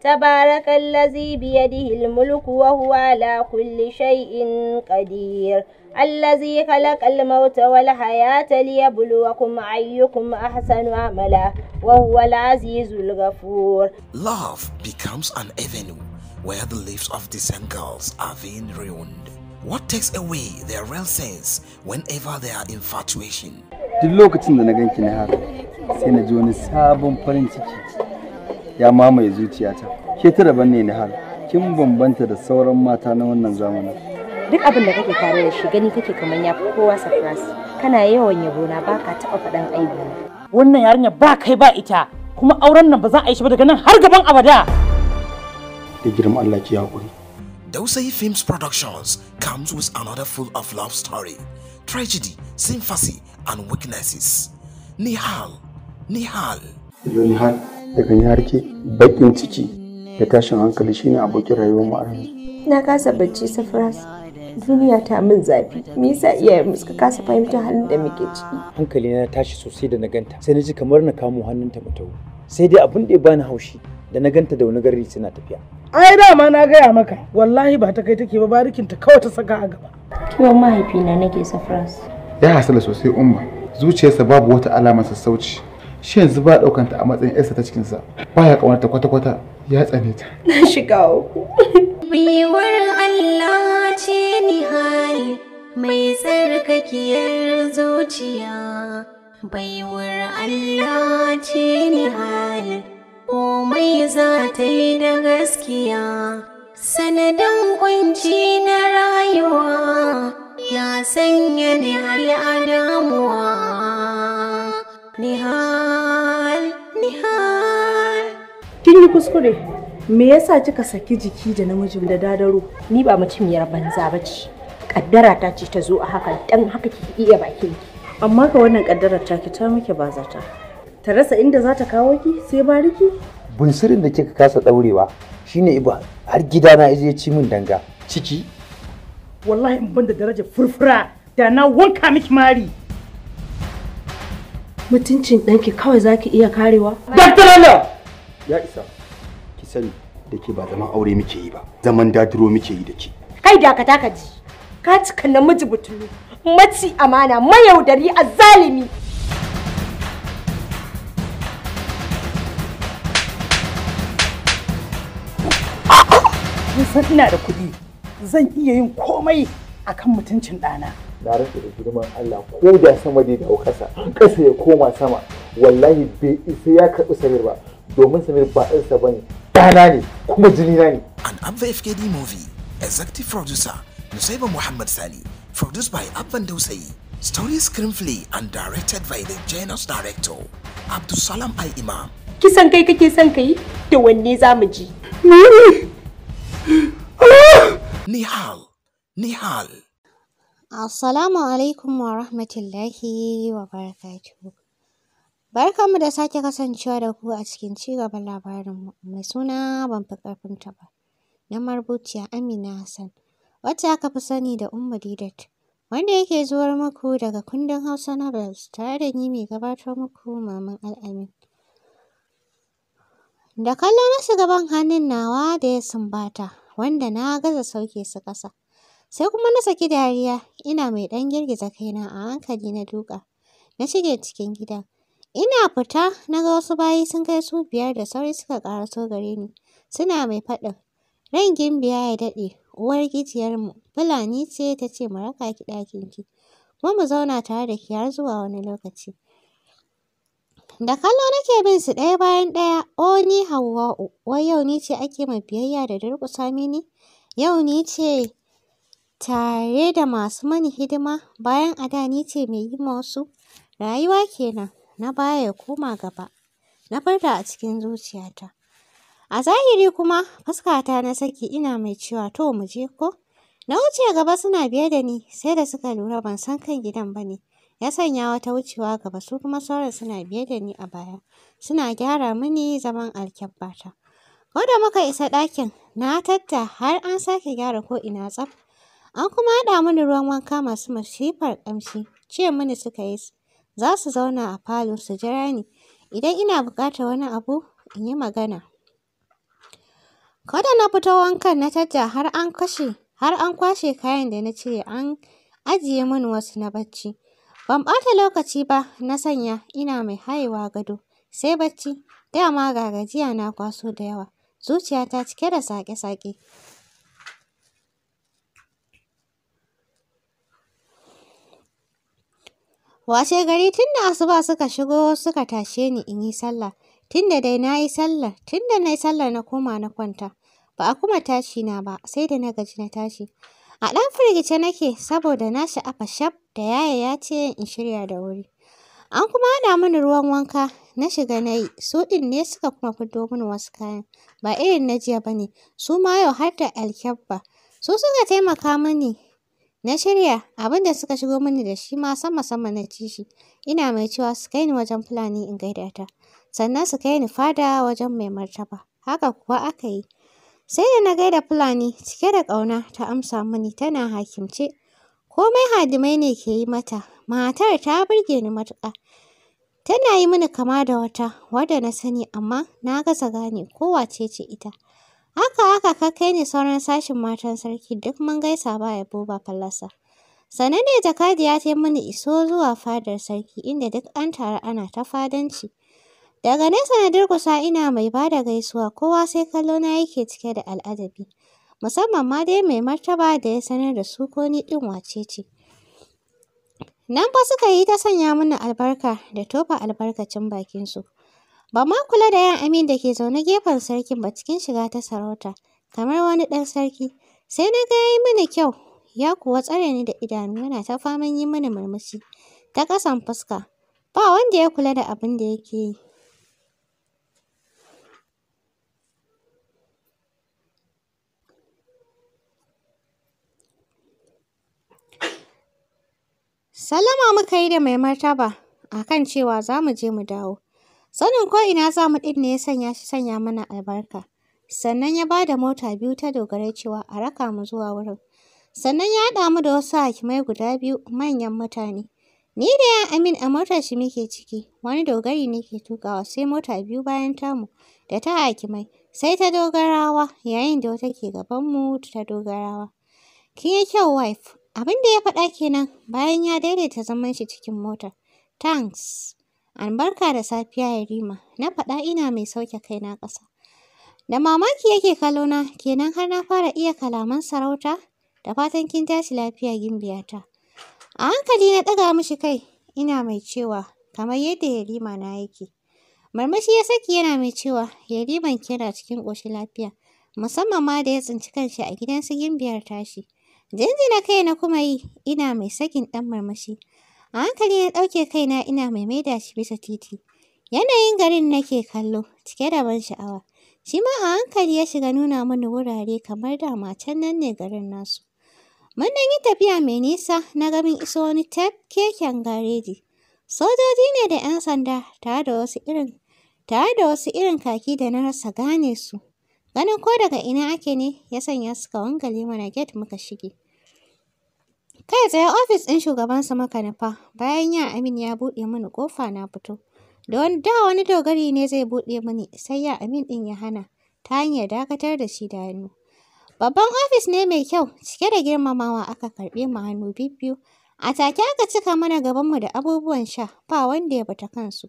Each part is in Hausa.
تبارك الذي بيده الملك وهو على كل شيء قدير الذي خلق الموت والحياة ليبلوكم أيكم أحسن عملا وهو العزيز الغفور Love becomes an avenue where the lives of the decent girls are being ruined. What takes away their real sense whenever they are infatuation? Duk lokacin da na ganki na haka sai na ji wani sabon farin ciki ya mamaye zuciyata ke ta daban ne har kin bambanta da sauran mata na wannan zamanin duk abin da kake tare da shi gani kake kamar ya kowa surprise kana yawan yabo na baka taba faɗan aibi wannan yarinya ba kai ba ita kuma auren nan ba za a yi shi ba daga nan har gaban abada da girma Allah ki hakuri Dausayi Films Productions comes with another full of love story, tragedy, sympathy, and weaknesses. Nihal, Nihal. Nihal. daga ni bakin ciki da tashin hankali shine abokin rayuwar mu a yanzu na kasa bacci safras duniya ta min zafi me yasa iyaye mu suka kasa fahimtar halin da muke ciki hankali na tashi sosai da na ganta sai na ji kamar na kamo hannunta mu tawo sai dai abin da ya bani haushi da na ganta da wani gari suna tafiya ai dama na gaya maka wallahi ba ta kai take ba barikin ta kawai ta saka a gaba kiwon mahaifina nake safras ya hasala sosai umma zuciyarsa babu wata alamar sassauci shi yanzu ba ɗaukanta a matsayin yarsa ta cikinsa baya kamar ta kwata-kwata ya tsane ta na shiga uku baiwar Allah ce ni hali mai tsarkakiyar zuciya baiwar Allah ce ni hali komai za ta yi da gaskiya sanadin kunci na rayuwa ya sanya ni hali damuwa Nihal, Nihal. Kin yi kuskure. Me yasa kika saki jiki da namijin da dadaro? Ni ba mutumiyar banza ba ce. Kaddara ta ce ta zo a haka dan haka ki iya bakin ki. Amma ka wannan kaddarar ta ki ta muke bazata. Ta rasa inda za ta kawo ki sai bariki? Bunsirin da kika kasa daurewa shine iba har gidana ya ci min danga. Ciki? Wallahi in ban da darajar furfura da na wanka miki mari. mutuncin ɗanki kawai za ki iya karewa? Daktarala! Ya isa, ki sani da ke ba zaman aure muke yi ba, zaman dadiro muke yi da ke. Kai dakata ka ji, ka cika namiji butulu, maci amana, mayaudari a zalimi. Kun ina da kuɗi, zan iya yin komai akan mutuncin ɗana. na rasa da girman Allah ko da sama da dawo kasa kasa ya koma sama wallahi bai isa ya karɓi samir ba domin samir ba ɗansa ba ne ɗana ne kuma jini na ne. an abba fkd movie executive producer nusaiba muhammad sali produced by abban dausayi story screenplay and directed by the genus director abdulsalam al imam. kisan kai kake son ka yi da wanne za ji. nihal nihal Assalamu alaikum wa rahmatullahi wa barakatuhu. Barkanmu da sake kasancewa da ku a cikin cigaban labarinmu mai suna ban fi ƙarfin taɓa na marubuciya Amina Hassan wacce aka fi sani da Umma Didat wanda yake zuwar muku daga kundin Hausa Novels tare da ni mai gabatar muku Maman Al'amin. Da kallo na gaban hannun nawa da ya sumbata wanda na gaza sauke su ƙasa. Sai kuma na saki dariya, ina mai ɗan girgiza kaina a hankali na duka. Na shige cikin gida. Ina fita, na ga wasu bayi sun kai su biyar da sauri suka ƙaraso gare ni. Suna mai faɗin, ran gimbiya ya daɗe, uwar gijiyarmu, Fulani ce ta ce mu raka ki ɗakinki, kuma mu zauna tare da ki har zuwa wani lokaci. Da kallo nake bin su ɗaya bayan ɗaya, o ni Hauwa'u, wai yau ni ce ake ma biyayya da durƙusa mini? Yau ni ce tare da masu mani hidima bayan a da ni ce mai yi ma wasu. Rayuwa kenan, na baya ya koma gaba, na farda a cikin zuciyata. A zahiri kuma fuskata na saki ina mai cewa to mu je ko? Na wuce gaba suna biye da ni sai da suka lura ban san kan gidan ba ne. Ya sanya wata wucewa gaba su kuma sauran suna biye da ni a baya. Suna gyara mini zaman alkyabbata. Ko da muka isa ɗakin, na tatta har an sake gyara ko ina tsaf. An kuma haɗa mini ruwan wanka masu masifar ƙamshi, ce mini suka yi za su zauna a falo su jira ni idan ina buƙatar wani abu in yi magana. Ko na fito wankan na tajja har an kwashe kayan da na cire an ajiye mini wasu na bacci. Ban ɓata lokaci ba na sanya ina mai hayewa gado sai bacci dama ga gajiya na kwaso da yawa zuciyata cike da saƙe-saƙe. Washe gari tun da asuba suka shigo suka tashe ni in yi sallah. Tun da dai na yi sallah, tun da na yi sallah na koma na kwanta. Ba a kuma tashi na ba, sai da na gaji na tashi. A ɗan firgice nake saboda na sha'afa shaf da yaya ya ce in shirya da wuri. An kuma haɗa mini ruwan wanka, na shiga na yi, su ɗin ne suka kuma fito mini wasu kayan. Ba irin na jiya ba ne, su ma yau har da alkyabba. Su suka taimaka mini Na shirya abin da suka shigo mini da shi ma sama-sama na ci shi. Ina mai cewa su kai ni wajen Fulani in gaida ta. Sannan su kai ni fada wajen mai martaba. Haka kuwa aka yi. Sai da na gaida Fulani cike da ƙauna ta amsa mini tana hakimce. Komai hadimai ne ke yi mata. Matar ta burge ni matuƙa. Tana yi mini kama da wata wadda na sani amma na gaza gane kowace ce ita. Haka haka ka kai ni sauran sashin matan sarki duk mun gaisa ba yabo ba fallasa. Sannan ne jakadiya ta yi mini iso zuwa fadar sarki inda duk an taru ana ta fadanci. Daga nesa na durƙusa ina mai ba da gaisuwa kowa sai kallo na yake cike da al'adabi. Musamman ma dai mai martaba da ya sanar da su ko ni ɗin wace ce. Nan fa suka yi ta sanya mini albarka da tofa albarkacin bakinsu. Ba ma kula da yan amin da ke zaune gefen sarkin ba cikin shiga ta sarauta, kamar wani ɗan sarki. Sai na ga ya yi mini kyau, ya kuwa tsare ni da idanu yana ta faman yi mini murmushi ta ƙasan fuska. Ba wanda ya kula da abin da yake yi. Salama muka yi da mai martaba a kan cewa za mu je mu dawo. Sanin ko'ina za mu ɗin ne ya sanya shi sanya mana albarka. Sannan ya ba da mota biyu ta dogarai cewa a raka mu zuwa wurin. Sannan ya haɗa mu da wasu hakimai guda biyu manyan mutane. Ni da ya Amin a motar shi muke ciki, wani dogari ne ke tukawa sai mota biyu bayan tamu da ta hakimai, sai ta dogarawa yayin da wata ke gabanmu ta dogarawa. Kin yi kyau wife, abin da ya faɗa kenan bayan ya daidaita zaman shi cikin mota. Thanks. Albarka da safiya Yarima, na faɗa ina mai sauke kaina ƙasa. Da mamaki yake na, kenan har na fara iya kalaman sarauta? Da fatan kin tashi lafiya gimbiyata. A hankali na ɗaga mishi kai, ina mai cewa, kamar yadda Yarima na yake. Marmashi ya saki yana mai cewa, Yariman kira cikin ƙoshin lafiya, musamman ma da ya tsinci kanshi a gidan su gimbiyar tashi. Jinjina kai na kuma yi, ina mai sakin ɗan marmashi. A hankali na ɗauke kaina ina mai maida shi bisa titi. Yanayin garin nake kallo, cike da ban sha'awa. Shi ma a hankali ya shiga nuna mini wurare kamar da can nan ne garin nasu. Mun dan yi tafiya mai nisa na ga mun iso wani keken, gareji. Sojoji ne da 'yan sanda tare da wasu irin tare da wasu irin kaki da na rasa gane su. Ganin ko daga ina ake ne ya sanya suka wangale mana gate muka shige. Kai tsaye ofis ɗin shugabansu maka nufa, bayan ya Amin ya buɗe mini ƙofa na fito. Da wani da wani dogari ne zai buɗe mini, sai ya Amin ɗin ya hana, ta hanyar dakatar da shi da hannu. Babban ofis ne mai kyau, cike da girmamawa aka karɓe mu hannu bibbiyu. A take aka cika mana gabanmu da abubuwan sha, ba wanda ya bata kansu.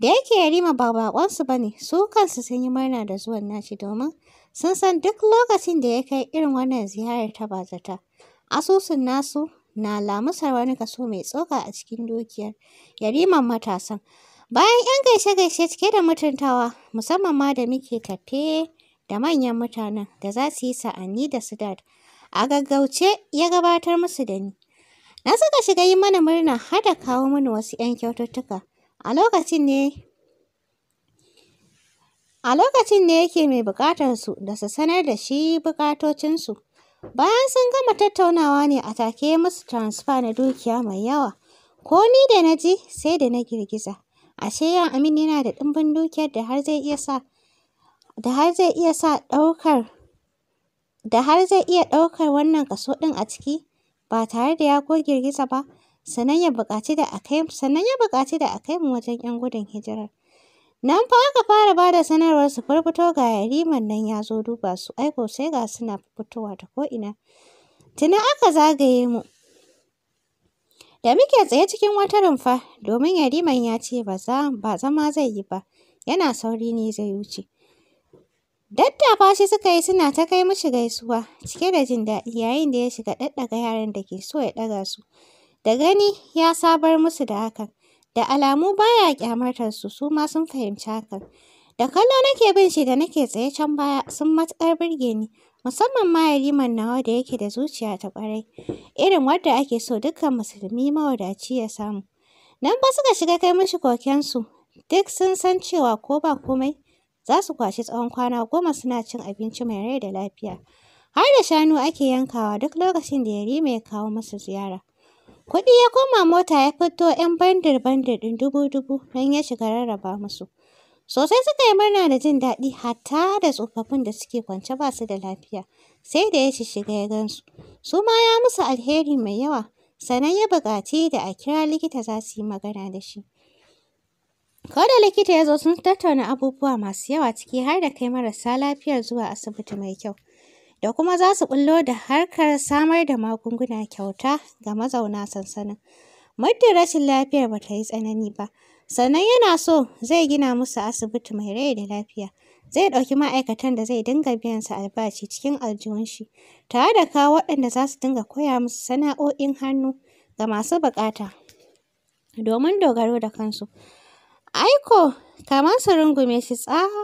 Da yake Yarima ba baƙonsu ba ne, su kansu sun yi murna da zuwan nashi domin sun san duk lokacin da ya kai irin wannan ziyarar ta bazata. Asusun nasu na lamusar wani kaso mai tsoka a cikin dukiyar yariman matasan. Bayan 'yan gaishe-gaishe cike da mutuntawa, musamman ma da muke tafe da manyan mutanen da za su yi sa'anni da su dad, a gaggauce ya gabatar musu da ni. Na suka shiga yi mana murna har da kawo mini wasu 'yan kyaututtuka. A lokacin ne A lokacin ne yake mai bukatar su da su sanar da shi buƙatocinsu. Bayan sun gama tattaunawa ne a take musu transfer na dukiya mai yawa. Ko ni da na ji sai da na girgiza. Ashe yan Amin yana da ɗimbin dukiyar da har zai iya sa da har zai iya sa ɗaukar da har zai iya ɗaukar wannan kaso ɗin a ciki ba tare da ya ko girgiza ba sannan ya buƙaci da a kai ya buƙaci da a mu wajen 'yan gudun hijirar. Nan fa aka fara ba da sanarwar su firfito ga yariman nan ya zo duba su, ai sai ga suna fitowa ta ko'ina. Tuna aka zagaye mu. Da muke tsaye cikin wata rumfa, domin yariman ya ce ba zama zai yi ba, yana sauri ne zai wuce. fa shi suka yi suna ta kai mishi gaisuwa, cike da jin daɗi yayin da ya shiga ɗaɗɗaga yaran da ke so ya ɗaga su. Da gani ya sabar musu da hakan. Da alamu ba ya su, su ma sun fahimci hakan. Da kallo nake bin shi da nake tsaye can baya sun matuƙar burge ni, musamman ma yariman nawa da yake da zuciya ta ƙwarai, irin wadda ake so dukkan musulmi mawadaci ya samu. Nan ba suka shiga kai mishi kokensu, duk sun san cewa ko ba komai za su kwashi tsawon kwana goma suna cin abinci mai rai da lafiya. Har da shanu ake yankawa duk lokacin da yarima ya kawo musu ziyara. Kuɗi ya koma mota ya fito 'yan bandir-bandir ɗin dubu-dubu don ya shiga rarraba musu. Sosai suka yi murna da jin daɗi hatta da tsofaffin da suke kwance ba su da lafiya. Sai da ya shiga ya gansu. Su ma ya musu alheri mai yawa. Sannan ya buƙaci da a kira likita za su yi magana da shi. Ko da likita ya zo sun tattauna abubuwa masu yawa ciki har da kai marasa lafiyar zuwa asibiti mai kyau. da kuma za su bullo da harkar samar da magunguna kyauta ga mazauna sansanin. Muddin rashin lafiyar ba ta yi tsanani ba, sannan yana so zai gina musu asibiti mai rai da lafiya. Zai ɗauki ma'aikatan da zai dinga biyan su albashi cikin aljihunshi. tare da kawo waɗanda za su dinga koya musu sana'o'in hannu ga masu buƙata domin dogaro da kansu. Aiko kamar su rungume shi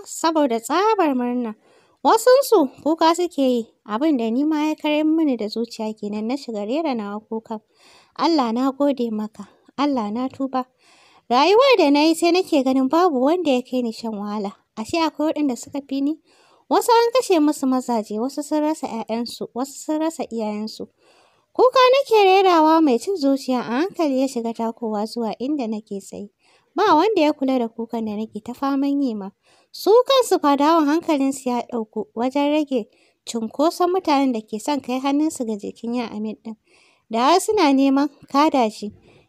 saboda tsabar murna. Wasunsu kuka suke yi, abin da ni ma ya karyar mini da zuciya kenan na shiga rera nawa kuka. Allah na gode maka, Allah na tuba. Rayuwar da na yi sai nake ganin babu wanda ya kai ni shan wahala, ashe akwai waɗanda suka fi ni. Wasu an kashe musu mazaje, wasu sun rasa 'ya'yansu, wasu sun rasa iyayensu. Kuka nake rerawa mai cin zuciya a hankali ya shiga takowa zuwa inda nake tsaye. Ba wanda ya kula da kukan da nake ta faman yi ma. Su kansu fadawan su ya ɗauku wajen rage cunkoson mutanen da ke son kai hannunsu ga jikin ya Amin ɗin. Da har suna neman kada shi.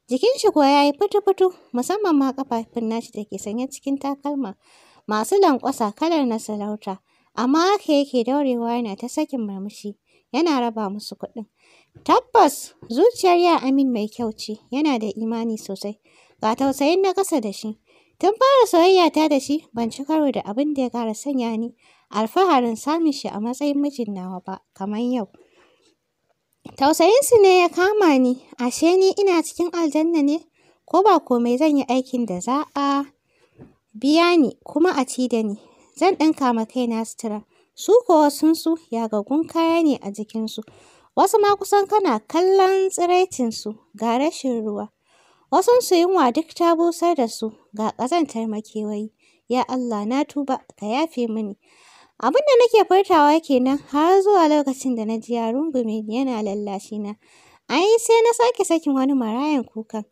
Jikin shi kuwa ya yi fitu-fitu musamman ma kafafun nashi da ke sanye cikin takalma masu lankwasa, kalar na sarauta. Amma haka yake daurewa yana ta sakin murmushi yana raba musu kuɗin. Tabbas zuciyar ya Amin mai kyau ce yana da imani sosai. Ga tausayin na ƙasa da shi. Tun fara soyayyata da shi ban ci karo da abin da ya ƙara sanya ni alfaharin samun shi a matsayin mijin nawa ba kamar yau. Tausayinsu ne ya kama ni, ashe ni ina cikin aljanna ne, ko ba komai zan yi aikin da za a biya ni kuma a ci da ni. Zan ɗinka ma kaina sutura, su kuwa sunsu yagaggun kaya ne a jikinsu, wasu ma kusan kana kallon tsiraicinsu ga rashin ruwa. su yunwa duk ta busar da su, ga ƙazantar makewayi. Ya Allah na tuba, ka yafe mini. Abin da nake furtawa kenan har zuwa lokacin da na ji ya gumi yana lallashi na. Ai sai na sake sakin wani marayan kukan.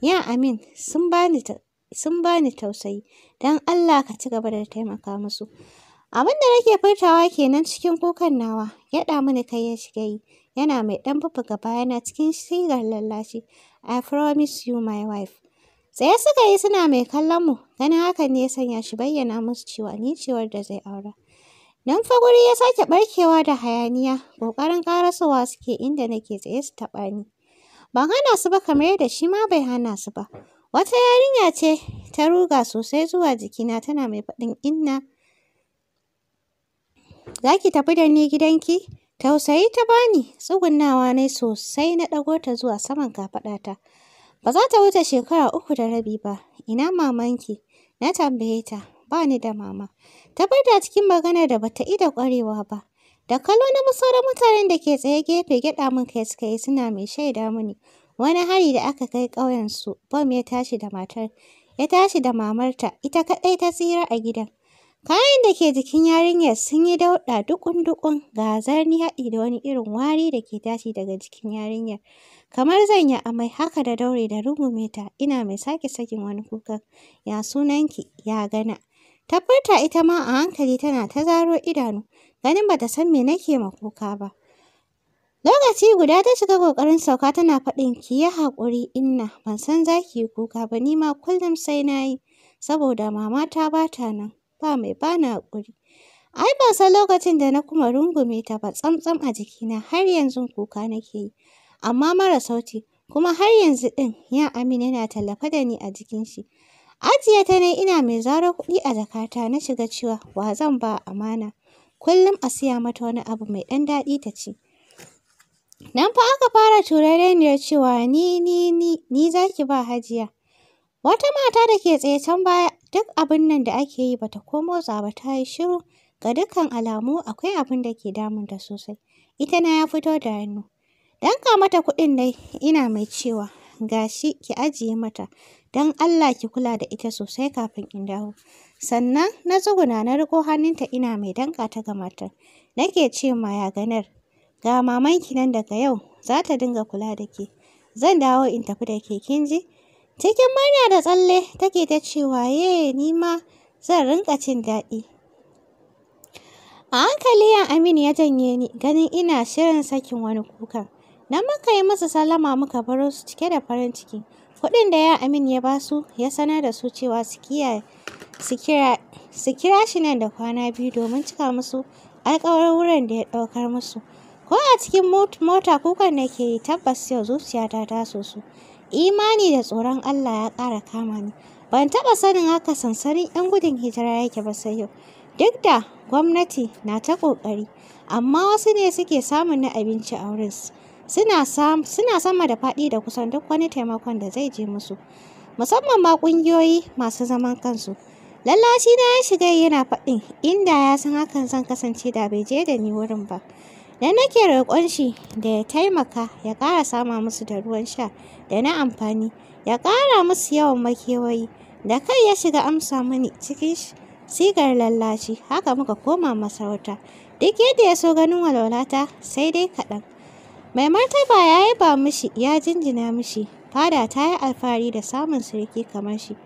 Ya Amin sun bani sun bani tausayi, don Allah ka ci gaba da taimaka musu. Abin da nake furtawa kenan cikin kukan nawa, gyaɗa mini kai ya shiga yi, yana mai ɗan gaba bayana cikin sigar lallashi. I promise you my wife. Tsaye suka yi suna mai kallon mu, ganin hakan ne ya sanya shi bayyana musu cewa ni cewar da zai aura. Nan fa guri ya sake barkewa da hayaniya, ƙoƙarin ƙarasowa suke inda nake tsaye su taɓa ni. Ban hana su ba kamar yadda shi ma bai hana su ba. Wata yarinya ce ta ruga sosai zuwa jikina tana mai faɗin inna Za ki tafi da ni gidanki? Tausayi ta bani, tsugunnawa ne sosai na ɗago ta zuwa saman kafaɗata. Ba za ta wuce shekara uku da rabi ba, ina mamanki? Na tambaye ta, ba ni da mama. Ta da cikin magana da ba ta ida ƙwarewa ba. Da kallo na musauran mutanen da ke tsaye gefe gyaɗa min kai suka yi suna mai shaida mini. Wani hari da aka kai ƙauyensu, bom ya tashi da matar, ya tashi da mamarta, ita kaɗai ta tsira a gidan. Kayan da ke jikin yarinyar sun yi dauɗa dukun dukun ga zarni haɗi da wani irin wari da ke tashi daga jikin yarinyar. Kamar zan yi amai haka da daure da rungume ta ina mai sake sakin wani kuka. Ya sunanki, ya gana. Tabbata ita ma a hankali tana ta zaro idanu, ganin bata san me nake ma kuka ba. Lokaci guda ta shiga ƙoƙarin sauka tana faɗin ki yi haƙuri inna ban san za ki kuka ba ni ma kullum sai na yi saboda mama ta ba nan. ba mai bani haƙuri. Ai ba sa lokacin da na kuma rungume ta ba tsamtsam a jikina har yanzu kuka nake yi, amma mara sauti, kuma har yanzu ɗin ya Amina na tallafa da ni a jikin shi. Ajiye ta ne ina mai zaro kuɗi a jakata na shiga cewa wa zan ba amana. Kullum a siya mata wani abu mai ɗan daɗi ta ci. Nan fa aka fara turareniyar cewa ni ni ni ni za ki ba hajiya. Wata mata da ke tsaye can baya Duk abin nan da ake yi bata komo ko motsa ba ta yi shiru. Ga dukkan alamu akwai abin da ke damun ta sosai. Ita na ya fito da hannu. Danka mata kuɗin dai ina mai cewa gashi ki ajiye mata don Allah ki kula da ita sosai kafin in dawo. Sannan na tsuguna na riko hannunta ina mai danka ta ga matar. Nake ce ma ya ganar. ga mamanki nan daga yau za ta dinga kula da ke. Zan dawo in tafi da ke kin ji? Cikin murna da tsalle take ta cewa, waye ni ma zan rinka cin daɗi. A hankali ya Aminu ya janye ni ganin ina shirin sakin wani kuka. Na muka yi masa salama muka baro su cike da farin ciki. Kuɗin da ya Aminu ya basu ya sanar da su cewa su kira shi nan da kwana biyu domin cika musu alƙawarin wurin da ya ɗaukar musu. Ko a cikin mota kukan nake yi tabbas yau zuciyata ta soso. imani da tsoron Allah ya ƙara kama ni. Ban taɓa sanin haka sansanin 'yan gudun hijira yake ba sai yau. Duk da gwamnati na ta ƙoƙari, amma wasu ne suke samun na abinci a wurin su. Suna sama da faɗi da kusan duk wani taimakon da zai je musu. Musamman ma ƙungiyoyi masu zaman kansu. Lallashi na ya shiga yana faɗin inda ya san hakan zan kasance da bai je da ni wurin ba. Da nake roƙon shi da ya taimaka ya ƙara sama musu da ruwan sha da na amfani, ya ƙara musu yawan makewayi. Da kai ya shiga amsa mini cikin sigar lallashi, haka muka koma masarauta. Duk yadda ya so ganin walwalata sai dai kaɗan. Mai martaba ya yi ba mishi ya jinjina mishi, fada ta yi alfahari da samun sarki kamar shi.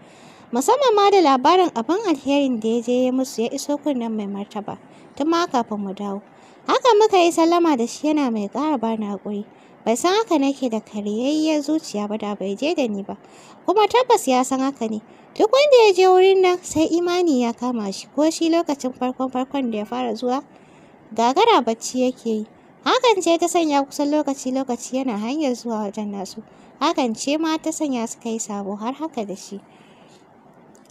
Musamman ma da labarin abin alherin da ya je ya musu ya iso kunnen mai martaba, tun ma kafin mu dawo. Haka muka yi sallama da shi yana mai ƙara na haƙuri. Bai san haka nake da karyayyiyar zuciya ba da bai je da ni ba. Kuma tabbas ya san haka ne. Duk wanda ya je wurin nan sai imani ya kama shi ko shi lokacin farkon farkon da ya fara zuwa gagara bacci yake yi. Hakan ce ta sanya kusan lokaci lokaci yana hanyar zuwa wajen nasu. Hakan ce ma ta sanya suka yi sabo har haka da shi.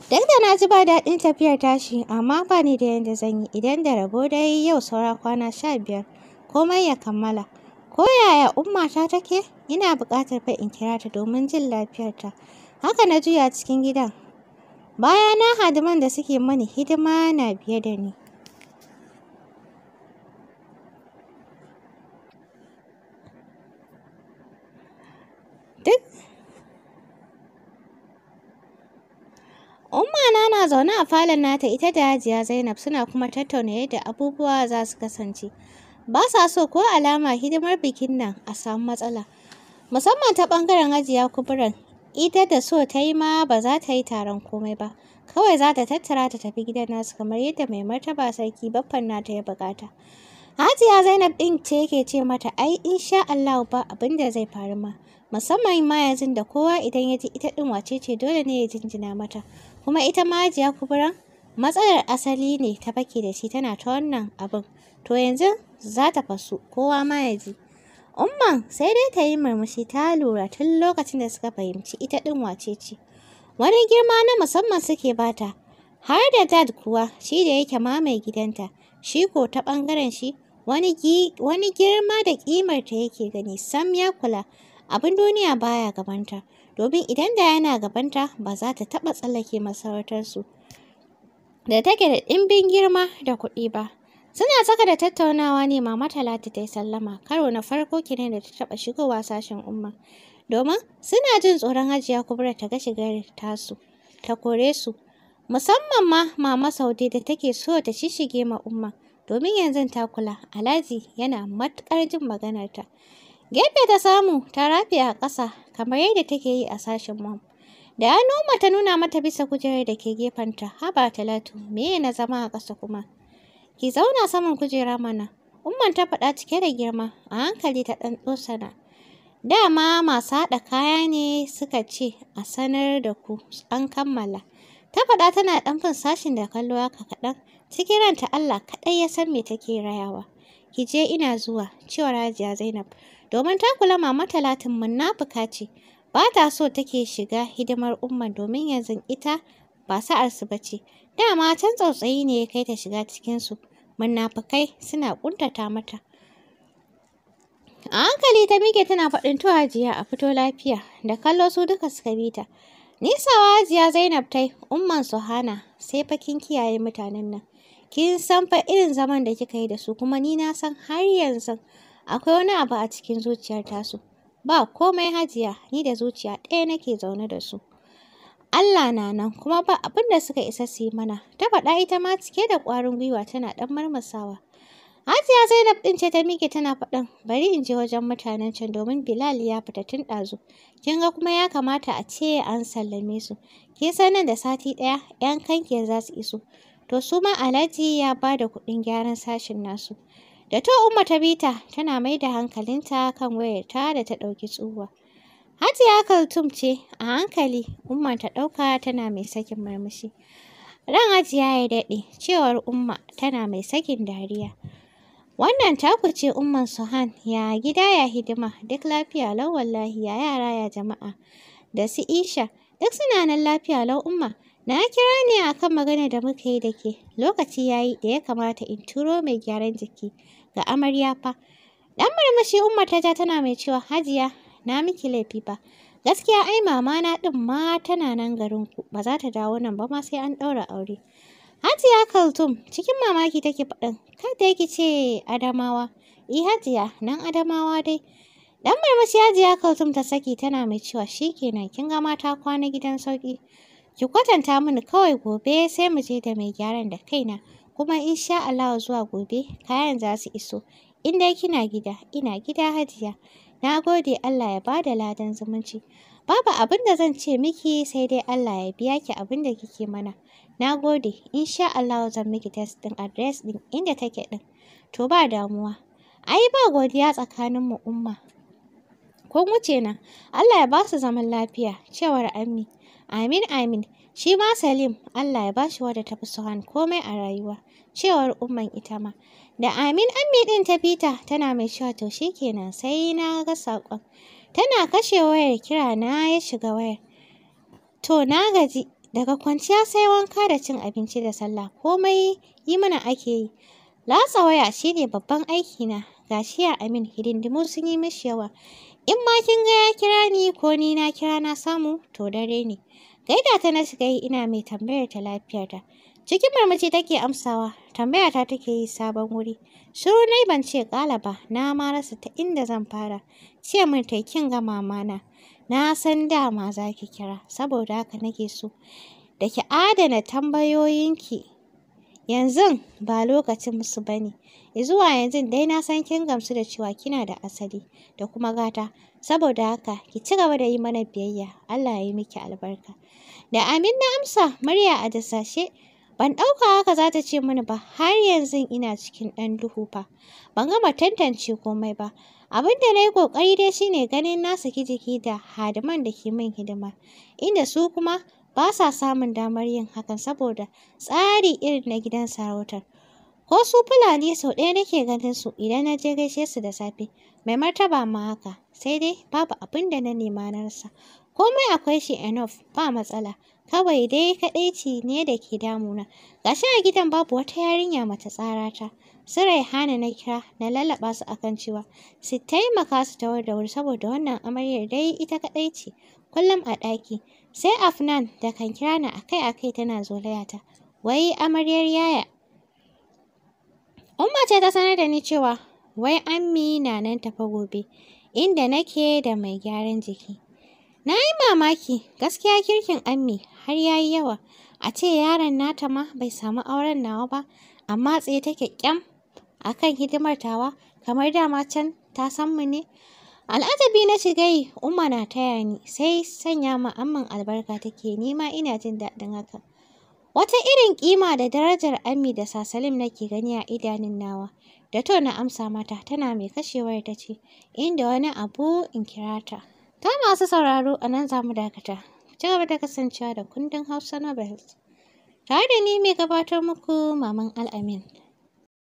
Duk da na ji ba daɗin tafiyar tashi, amma ba ni da yadda zan yi idan da rabo da yi yau saura kwana sha biyar, komai ya kammala. Ko yaya ummata take, ina buƙatar fa in kira ta domin jin lafiyarta. Haka na juya cikin gidan. Baya na hadiman da suke mani hidima na biye da ni. Ummana na zaune a falon nata ita da Hajiya Zainab suna kuma tattauna yadda abubuwa za su kasance. Ba sa so ko alama hidimar bikin nan a samu matsala. Musamman ta ɓangaren Hajiya Kuburan, ita da so ta yi ma ba za ta yi taron komai ba. Kawai za ta tattara ta tafi gidan nasu kamar yadda mai martaba sarki baffan nata ya bukata Hajiya Zainab ɗin ce yake ce mata ai insha Allah ba abin da zai faru ma. Musamman ma yanzu da kowa idan ya ji ita ɗin wace ce dole ne ya jinjina mata. kuma ita ma hajiya kubura matsalar asali ne ta bake da shi tana ta wannan abin to yanzu za ta fasu kowa ma ya ji umman sai dai ta yi murmushi ta lura tun lokacin da suka fahimci ita ɗin wace ce wani girma na musamman suke bata har da dad kuwa shi da yake mamaye gidanta shi ko ta ɓangaren shi wani girma da ƙimarta yake gani sam ya kula abin duniya baya gabanta domin idan da yana gabanta ba za ta taɓa tsallake masarautarsu da take da ɗimbin girma da kuɗi ba. Suna saka da tattaunawa ne mama Talatu ta yi sallama karo na farko ne da ta taɓa shigowa sashen umma. Domin suna jin tsoron hajiya kubura ta ga shigar tasu, ta kore su. Musamman ma mama Saude da take so ta shishige ma umma domin yanzu ta kula Alhaji yana matuƙar jin maganarta. Gefe ta samu ta rafe a ƙasa kamar yadda take yi a sashen mom. Da ya noma ta nuna mata bisa kujerar da ke gefenta, haba talatu, meye na zama a ƙasa kuma? Ki zauna saman kujera mana. Umman ta faɗa cike da girma, a hankali ta ɗan tsosana. Dama masu haɗa kaya ne suka ce a sanar da ku an kammala. Ta faɗa tana ɗan fin sashin da kallo haka kaɗan, cikin ranta Allah kaɗai ya san me take rayawa. Ki je ina zuwa, cewar Hajiya Zainab. domin ta kula mama talatin munafuka ce ba ta so take shiga hidimar umma domin yanzu ita ba sa'arsu ba ce dama can tsautsayi ne ya kai ta shiga cikin su munafukai suna ƙuntata mata a hankali ta miƙe tana faɗin tuwa jiya a fito lafiya da kallo su duka suka bi ta nisawa hajiya zainab tai umman su hana, sai fakin kiyaye mutanen nan kin san fa irin zaman da kika yi da su kuma ni na san har yanzu Akwai wani abu a cikin zuciyar tasu. Ba komai hajiya, ni da zuciya ɗaya nake zaune da su. Allah na nan kuma ba abin da suka isa su yi mana. Ta faɗa ita ma cike da ƙwarin gwiwa tana ɗan marmasawa. Hajiya Zainab ɗin ce ta miƙe tana faɗan bari in je wajen mutanen can domin Bilal ya fita tun ɗazu. Kin ga kuma ya kamata a ce an sallame su. Kin san nan da sati ɗaya 'yan kankiyar za su iso. To su ma Alhaji ya ba da kuɗin gyaran sashin nasu. Da to Umma ta bi ta, tana mai da hankalinta kan wayarta da ta ɗauki tsuwa. Hajiya Kaltum ce, a hankali, Umma ta ɗauka tana mai sakin murmushi. Ran Hajiya ya daɗe, cewar Umma tana mai sakin dariya. Wannan taku ce Umman Suhan, ya gida ya hidima, duk lafiya lau wallahi, ya yara ya jama'a. Da su Isha, duk suna nan lafiya lau Umma. Na kira ne akan kan magana da muka yi da ke, lokaci ya yi da ya kamata in turo mai gyaran jiki. ga amarya fa. Ɗan murmushi umar ta ja tana mai cewa Hajiya na miki laifi ba. Gaskiya ai mama na ɗin ma tana nan garin ku. ba za ta dawo nan ba ma sai an ɗaura aure. Hajiya Kaltum cikin mamaki take faɗin kada yake ce Adamawa. I eh, Hajiya nan Adamawa dai. Ɗan murmushi Hajiya Kaltum ta saki tana mai cewa shi kenan kin ga mata kwana gidan sauki Ki kwatanta mini kawai gobe sai mu je da mai gyaran da kaina kuma insha Allah zuwa gobe kayan za su iso in dai kina gida ina gida Hajiya na gode Allah ya bada ladan zumunci babu abin da zan ce miki sai dai Allah ya biya ki abin da kike mana na gode insha Allah zan miki test din address din inda take din to ba damuwa ai ba godiya tsakanin mu umma ko wuce na? Allah ya ba su zaman lafiya cewar Ammi amin amin shi ma Salim Allah ya ba shi wadda ta fi komai a rayuwa cewar umman ita ma. Da amin ammi ɗin ta fita tana mai cewa to shi kenan sai na ga saƙon. Tana kashe wayar kira na ya shiga wayar. To na gaji daga kwanciya sai wanka da cin abinci da sallah komai yi mana ake yi. Latsa waya shi ne babban na ga shi ya amin hidindimu sun yi mishi yawa. In ma kin ga ya kira ni ko ni na kira na samu to dare ne. Gaida ta na shiga ina mai tambayar ta lafiyarta. Cikin marmaci take amsawa, tambaya ta take yi sabon wuri. Shiru nai ban ce ƙala ba, na ma rasa ta inda zan fara. Ce min ta kin ga mamana. Na san dama za ki kira, saboda haka nake so. Da ki adana tambayoyinki. Yanzu ba lokacin musu ba ne. Zuwa yanzu dai na san kin gamsu da cewa kina da asali da kuma gata. Saboda haka ki ci gaba da yi mana biyayya. Allah ya yi miki albarka. Da amin na amsa murya a dasashe. Ban ɗauka haka za ta ce mini ba har yanzu ina cikin ɗan duhu fa. Ban gama tantance komai ba. Abin da na yi ƙoƙari dai shine ganin na saki jiki da hadiman da ke min hidima. Inda su kuma ba sa samun damar yin hakan saboda tsari irin na gidan sarautar. Ko su Fulani sau ɗaya nake ganin su idan na je gaishe su da safe. Mai martaba ma haka. Sai dai babu abin da na nema na rasa. Komai akwai shi enough ba matsala. Kawai dai kaɗai ne da ke damuna. shi a gidan babu wata yarinya mata tsara ta. Su Raihana na kira na lallaɓa su akan cewa su taimaka su tawar da wuri saboda wannan amaryar dai ita kaɗai ce. Kullum a ɗaki. Sai Afnan da kan kira ni akai-akai tana zolayata. Wai amaryar yaya. Umma ce ta sanar da ni cewa wai Ammi na nan tafa gobe inda nake da mai gyaran jiki. Na yi mamaki gaskiya kirkin Ammi har ya yi yawa. A ce yaron nata ma bai samu auren nawa ba, amma tsaye ta kyam a kan hidimar tawa, kamar dama can ta san mu ne. Al'ajabi na shiga yi, Umma na taya ni, sai sanya ma amman albarka take ni ma ina jin daɗin hakan. Wata irin kima da darajar Ami da Sasalim nake gani a idanun nawa. Da to na amsa mata tana mai kashewar ta ce, inda wani abu in kira ta. Ta masu sauraro a nan za mu dakata. Ci gaba da kasancewa da kundin Hausa Novels. Tare da ni mai gabatar muku Maman Al'amin.